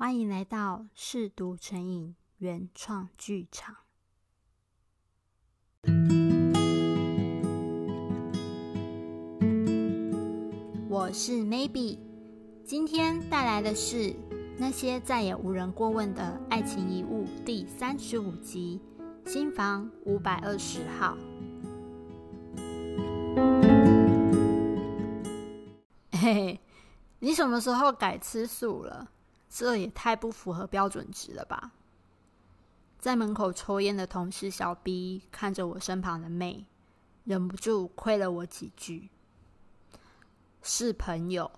歡迎來到《嗜讀成癮》原創劇場。我是 Maybe，今天帶來的是《那些再也無人過問的愛情遺物》第三十五集《心房五百二十號》。嘿嘿，你什麼時候改吃素了？這也太不符合標準值了吧？在門口抽煙的同事小 B 看着我身旁的妹，忍不住虧了我幾句。是朋友，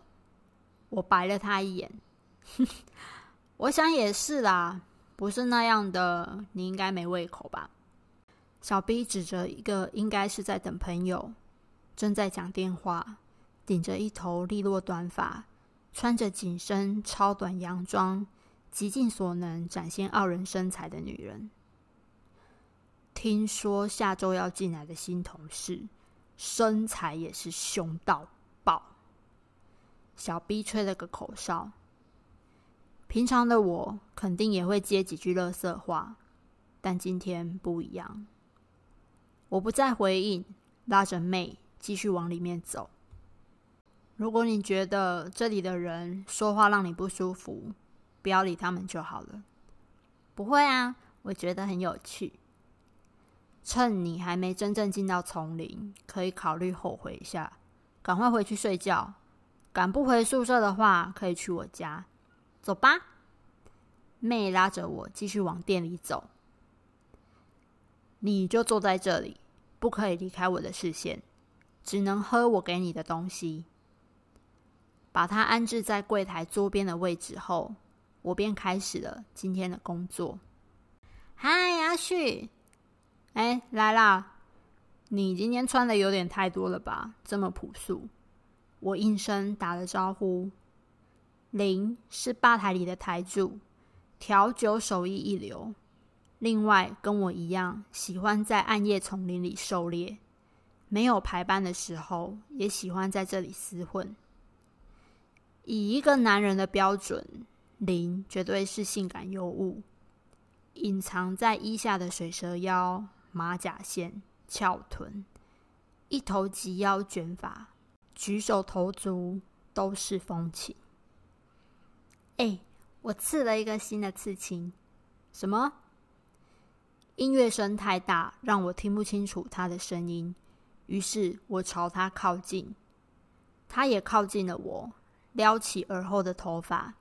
我白了他一眼呵呵。我想也是啦，不是那樣的，你應該沒胃口吧？小 B 指着一個，應該是在等朋友，正在講電話，頂着一頭利落短髮。穿着緊身超短洋裝，極盡所能展現傲人身材的女人。聽說下周要進來的新同事，身材也是凶到爆。小 B 吹了個口哨，平常的我肯定也會接幾句垃圾話，但今天不一樣。我不再回應，拉着妹繼續往裡面走。如果你覺得這裡的人說話讓你不舒服，不要理他們就好了。不會啊，我覺得很有趣。趁你還沒真正進到叢林，可以考慮後悔一下。趕快回去睡覺。趕不回宿舍的話，可以去我家。走吧。妹拉着我繼續往店裡走。你就坐在這裡，不可以離開我的視線，只能喝我給你的東西。把它安置在櫃檯桌邊的位置後，我便開始了今天的工作。嗨，阿旭，哎，來啦！你今天穿的有點太多了吧？這麼樸素。我應聲打了招呼。林是吧台裡的台柱，調酒手藝一流。另外，跟我一樣喜歡在暗夜叢林裡狩獵。沒有排班的時候，也喜歡在這裡廝混。以一個男人的標準，零絕對是性感尤物。隱藏在衣下的水蛇腰、馬甲線、翹臀，一頭及腰捲髮，舉手投足都是風情。哎、欸，我刺了一個新的刺青。什麼？音樂聲太大，讓我聽不清楚他的聲音。於是我朝他靠近，他也靠近了我。撩起耳後的頭髮，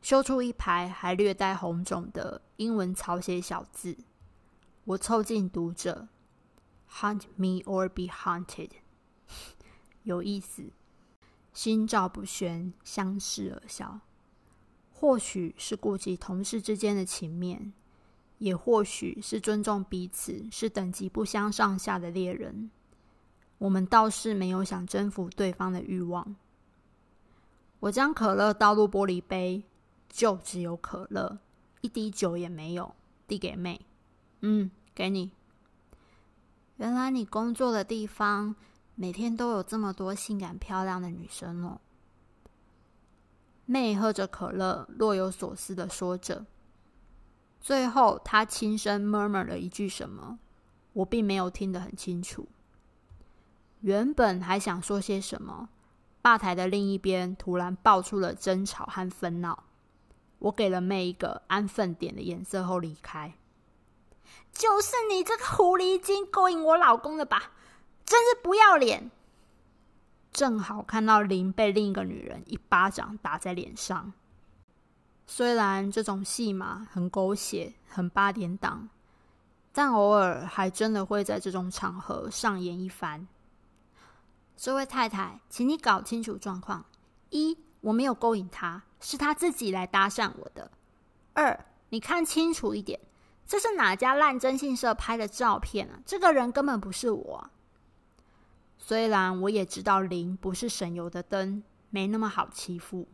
修出一排還略帶紅腫的英文草寫小字。我湊近讀著 hunt me or be hunted。 ”有意思。心照不宣，相視而笑。或許是顧及同事之間的情面，也或許是尊重彼此，是等級不相上下的獵人，我們倒是沒有想征服對方的欲望。我將可樂倒入玻璃杯，就只有可樂，一滴酒也沒有。遞給妹，嗯，給你。原來你工作的地方每天都有這麼多性感漂亮的女生哦。妹喝着可樂，若有所思的說着，最後她輕聲 murmur 了一句什麼，我並沒有聽得很清楚。原本還想說些什麼。吧檯的另一邊突然爆出了爭吵和紛鬧，我給了妹一個安分點的顏色後離開。就是你這個狐狸精勾引我老公的吧？真是不要臉！正好看到林被另一個女人一巴掌打在臉上。雖然這種戲碼很狗血、很八點檔，但偶爾還真的會在這種場合上演一番。這位太太，請你搞清楚狀況：一，我沒有勾引他，是他自己來搭訕我的；二，你看清楚一點，這是哪家爛徵信社拍的照片啊？這個人根本不是我。雖然我也知道林不是省油的燈，沒那麼好欺負，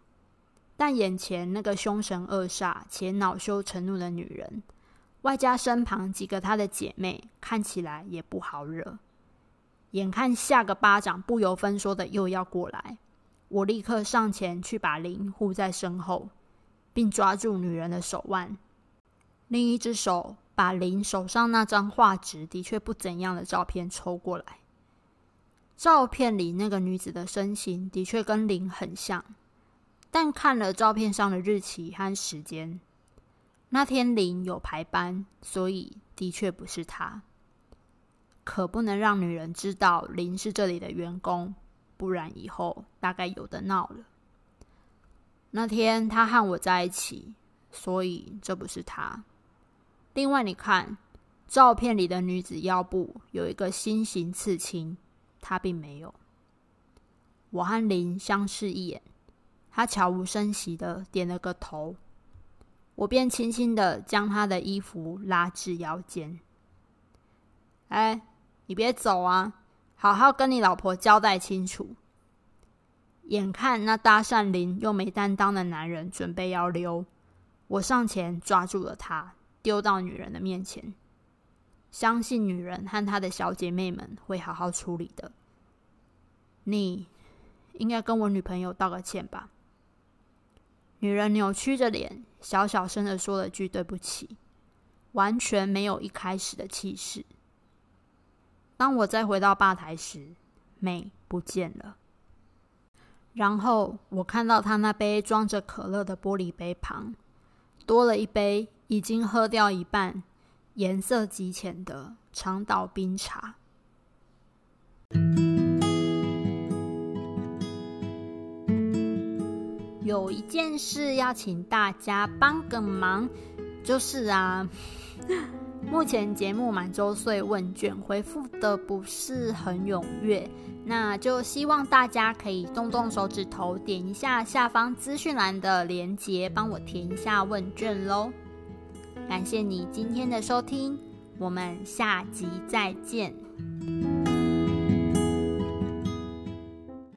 但眼前那個凶神惡煞且惱羞成怒的女人，外加身旁幾個她的姐妹，看起來也不好惹。眼看下個巴掌不由分說的又要過來，我立刻上前去把林護在身後，並抓住女人的手腕，另一隻手把林手上那張畫質的確不怎樣的照片抽過來。照片裡那個女子的身形的確跟林很像，但看了照片上的日期和時間，那天林有排班，所以的確不是她。可不能讓女人知道林是這裡的員工，不然以後大概有得鬧了。那天他和我在一起，所以這不是他。另外，你看照片裡的女子腰部有一個心形刺青，他並沒有。我和林相視一眼，他悄無聲息的點了個頭，我便輕輕的將他的衣服拉至腰間。哎。你別走啊！好好跟你老婆交代清楚。眼看那搭訕林又沒擔當的男人準備要溜，我上前抓住了他，丟到女人的面前。相信女人和她的小姐妹們會好好處理的。你應該跟我女朋友道個歉吧？女人扭曲着臉，小小聲的說了句“對不起”，完全沒有一開始的氣勢。當我再回到吧台時，美不見了。然後我看到他那杯裝着可樂的玻璃杯旁，多了一杯已經喝掉一半、顏色極淺的長島冰茶。有一件事要請大家幫個忙，就是啊。 目前節目滿週歲問卷回覆的不是很踴躍，那就希望大家可以動動手指頭，點一下下方資訊欄的連結，幫我填一下問卷囉。感謝你今天的收聽，我們下集再見。